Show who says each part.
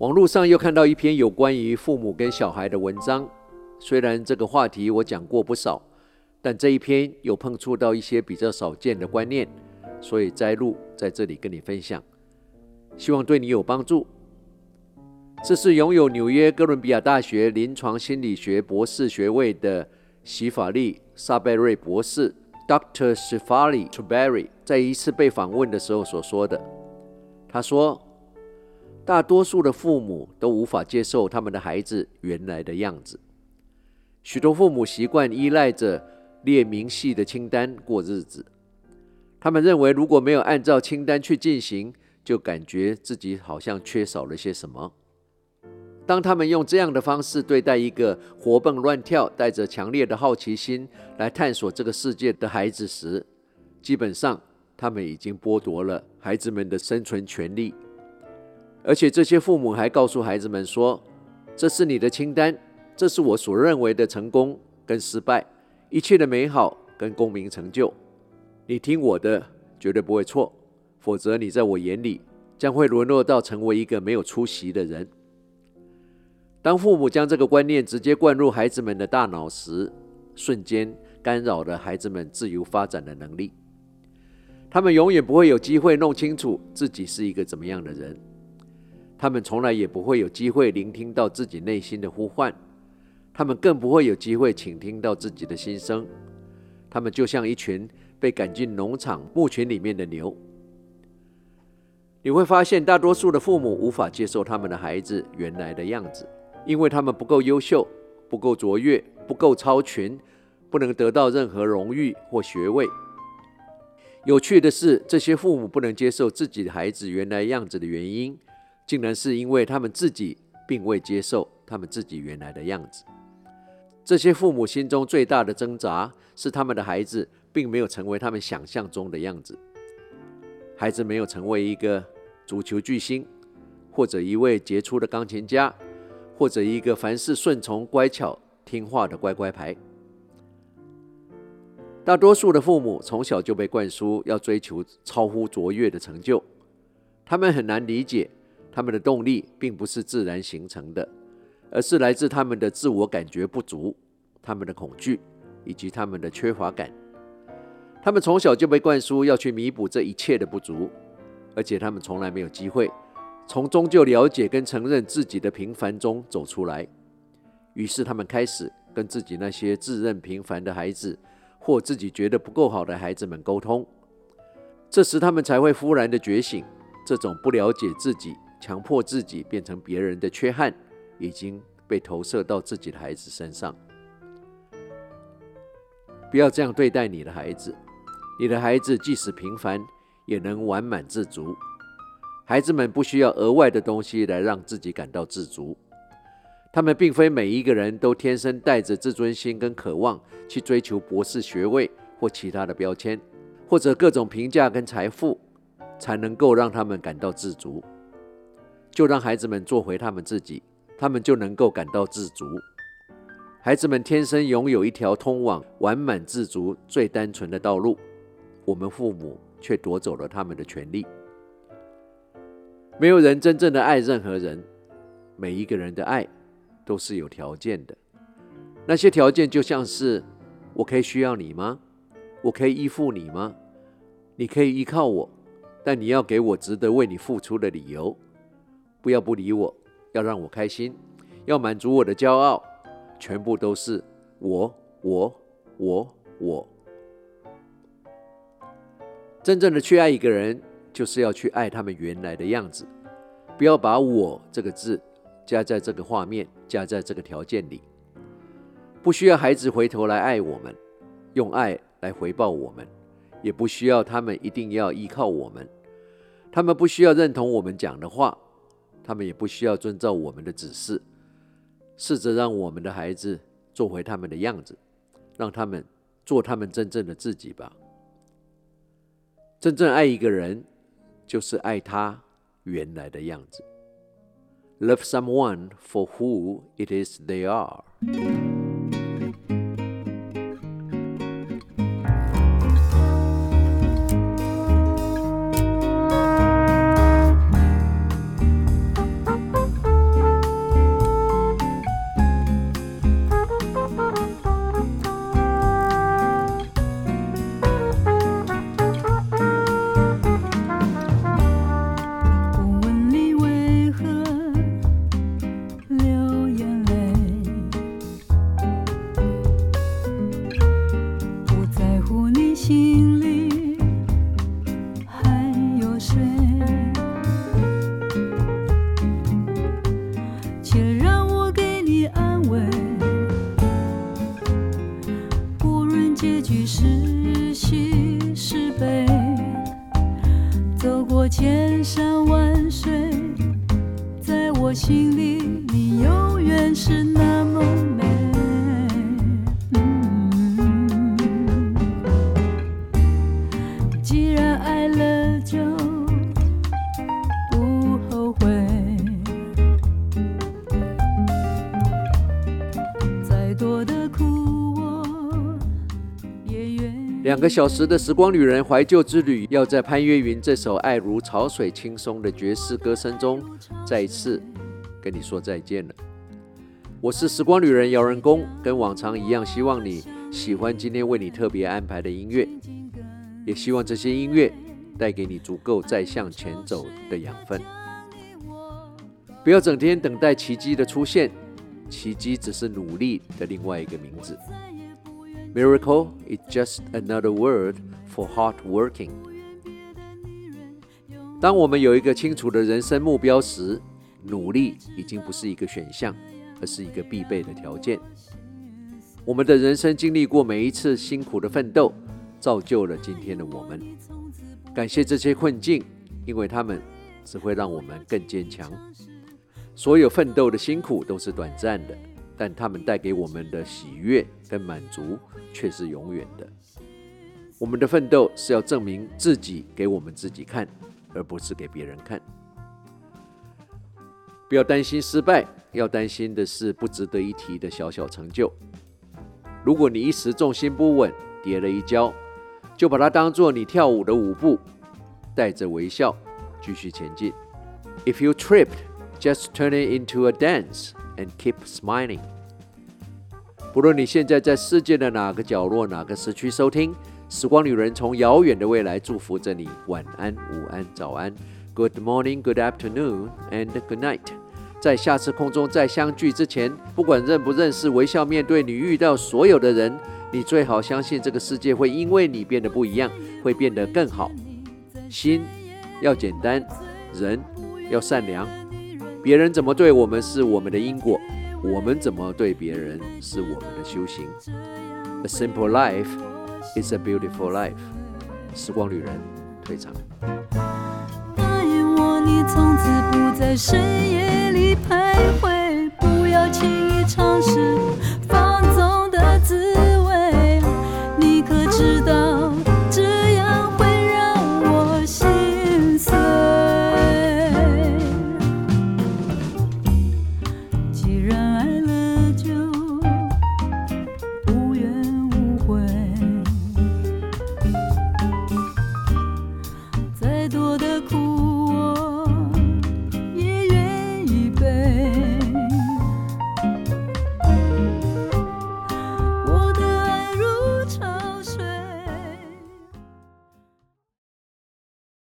Speaker 1: 網絡上又看到一篇有關於父母跟小孩的文章，雖然這個話題我講過不少，但這一篇有碰觸到一些比較少見的觀念，所以摘錄在這裡跟你分享，希望對你有幫助。這是擁有紐約哥倫比亞大學臨床心理學博士學位的西法利·薩貝瑞博士 （Doctor s f a l i t u b e r r y 在一次被訪問的時候所說的。他說。大多數的父母都無法接受他們的孩子原來的樣子。許多父母習慣依賴着列明細的清單過日子，他們認為如果沒有按照清單去進行，就感覺自己好像缺少了些什麼。當他們用這樣的方式對待一個活蹦亂跳、帶着強烈的好奇心來探索這個世界的孩子時，基本上他們已經剝奪了孩子們的生存權利。而且這些父母還告訴孩子們說：“這是你的清單，這是我所認為的成功跟失敗，一切的美好跟功名成就，你聽我的，絕對不會錯，否則你在我眼裡將會淪落到成為一個沒有出息的人。”當父母將這個觀念直接灌入孩子們的大腦時，瞬間干擾了孩子們自由發展的能力，他們永遠不會有機會弄清楚自己是一個怎麼樣的人。他們從來也不會有機會聆聽到自己內心的呼喚，他們更不會有機會傾聽到自己的心聲。他們就像一群被趕進農場牧群裡面的牛。你會發現，大多數的父母無法接受他們的孩子原來的樣子，因為他們不夠優秀、不夠卓越、不夠超群，不能得到任何榮譽或學位。有趣的是，這些父母不能接受自己的孩子原來樣子的原因。竟然是因為他們自己並未接受他們自己原來的樣子。這些父母心中最大的掙扎是，他們的孩子並沒有成為他們想象中的樣子。孩子沒有成為一個足球巨星，或者一位傑出的鋼琴家，或者一個凡事順從、乖巧聽話的乖乖牌。大多數的父母從小就被灌輸要追求超乎卓越的成就，他們很難理解。他們的動力並不是自然形成的，而是來自他們的自我感覺不足、他們的恐懼以及他們的缺乏感。他們從小就被灌輸要去彌補這一切的不足，而且他們從來沒有機會從中就了解跟承認自己的平凡中走出來。於是，他們開始跟自己那些自認平凡的孩子或自己覺得不夠好的孩子們溝通，這時他們才會忽然的覺醒，這種不了解自己。強迫自己變成別人的缺憾，已經被投射到自己的孩子身上。不要這樣對待你的孩子。你的孩子即使平凡，也能完滿自足。孩子們不需要額外的東西來讓自己感到自足。他們並非每一個人都天生帶着自尊心跟渴望去追求博士學位或其他的標籤，或者各種評價跟財富，才能夠讓他們感到自足。就讓孩子們做回他們自己，他們就能夠感到自足。孩子們天生擁有一條通往完滿自足最單純的道路，我們父母卻奪走了他們的權利。沒有人真正的愛任何人，每一個人的愛都是有條件的。那些條件就像是：我可以需要你嗎？我可以依附你嗎？你可以依靠我，但你要給我值得為你付出的理由。不要不理我，要讓我開心，要滿足我的驕傲，全部都是我，我，我，我。真正的去愛一個人，就是要去愛他們原來的樣子。不要把我這個字加在這個畫面，加在這個條件裡。不需要孩子回頭來愛我們，用愛來回報我們，也不需要他們一定要依靠我們，他們不需要認同我們講的話。他們也不需要遵照我們的指示，試着讓我們的孩子做回他們的樣子，讓他們做他們真正的自己吧。真正愛一個人，就是愛他原來的樣子。Love someone for who it is they are.
Speaker 2: 我心裡你永遠是那麼美、嗯、既然愛了就不後悔、嗯、再多的苦我
Speaker 1: 也願意，兩個小時的時光女人懷舊之旅，要在潘越雲這首愛如潮水輕鬆的爵士歌聲中再次跟你說再見了。我是時光旅人姚仁工，跟往常一樣，希望你喜歡今天為你特別安排的音樂，也希望這些音樂帶給你足夠再向前走的養分。不要整天等待奇蹟的出現，奇蹟只是努力的另外一個名字。Miracle is just another word for hard working。當我們有一個清楚的人生目標時，努力已經不是一個選項，而是一個必備的條件。我們的人生經歷過每一次辛苦的奮鬥，造就了今天的我們。感謝這些困境，因為它們只會讓我們更堅強。所有奮鬥的辛苦都是短暫的，但它們帶給我們的喜悅跟滿足卻是永遠的。我們的奮鬥是要證明自己給我們自己看，而不是給別人看。不要擔心失敗，要擔心的是不值得一提的小小成就。如果你一時重心不穩跌了一跤，就把它當做你跳舞的舞步，帶着微笑繼續前進。If you tripped, just turn it into a dance and keep smiling. 不論你現在在世界的哪個角落、哪個時區收聽，《時光旅人》從遙遠的未來祝福着你。晚安、午安、早安。Good morning, good afternoon, and good night. 在下次空中再相聚之前，不管認不認識，微笑面對你遇到所有的人，你最好相信這個世界會因為你變得不一樣，會變得更好。心要簡單，人要善良。別人怎麼對我們是我們的因果，我們怎麼對別人是我們的修行。A simple life is a beautiful life。時光旅人退場。
Speaker 2: 你從此不在深夜裡徘徊，不要輕易嘗試，哦。